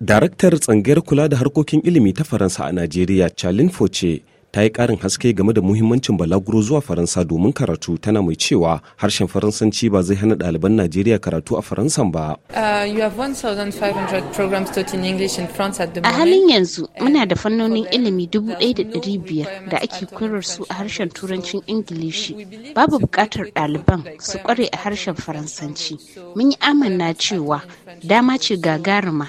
Daraktar tsangayar kula da harkokin ilimi ta Faransa a Najeriya, Charlene Foce, ta yi ƙarin haske game da muhimmancin balaguro zuwa Faransa domin karatu tana mai cewa harshen Faransanci ba zai hana ɗaliban Najeriya karatu a Faransan ba. Uh, a halin yanzu muna da fannonin ilimi dubu ɗaya da ɗari biyar da ake koyar su a harshen Turancin Ingilishi. Babu buƙatar ɗaliban su ƙware a harshen Faransanci. Mun yi amanna cewa dama ce gagaruma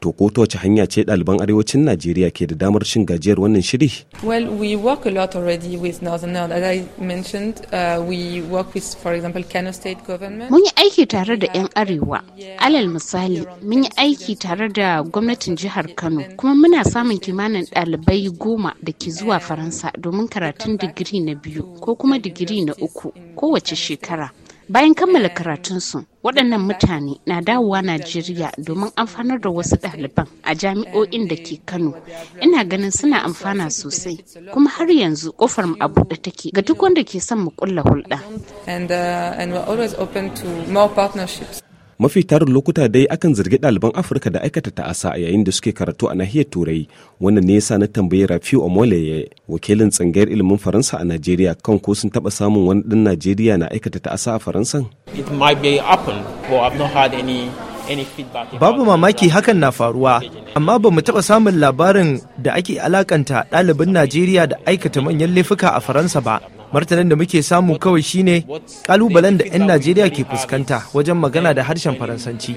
To ko ta wace hanya ce ɗaliban arewacin Najeriya ke da damar cin gajiyar wannan shiri? Well, we work a lot already with Northern Nord. As I mentioned, uh, we work with, for example, Kano State government. Mun yi aiki tare da 'yan arewa. Alal misali, mun yi aiki tare da gwamnatin jihar Kano. Kuma muna samun kimanin ɗalibai goma da ke zuwa Faransa domin karatun digiri na biyu ko kuma digiri na uku kowace shekara. Bayan kammala karatunsu, waɗannan mutane na dawowa najeriya domin amfanar da wasu ɗaliban a jami'o'in da ke kano ina ganin suna amfana sosai kuma har yanzu kofar mu a buɗe take ga duk wanda ke son mu kulla hulɗa uh, mafi tarin lokuta dai akan zargi ɗaliban afirka da aikata ta'asa a yayin da suke karatu a nahiyar turai wannan ne yasa na tambayi rafiu omoleye wakilin tsangayar ilimin faransa a najeriya kan ko sun taɓa samun wani ɗan najeriya na aikata ta'asa a faransan babu mamaki hakan na faruwa amma ba mu taɓa samun labarin da ake alakanta ɗalibin najeriya da aikata manyan laifuka a faransa ba martanin da muke samu kawai shine kalubalen da 'yan najeriya ke fuskanta wajen magana da harshen faransanci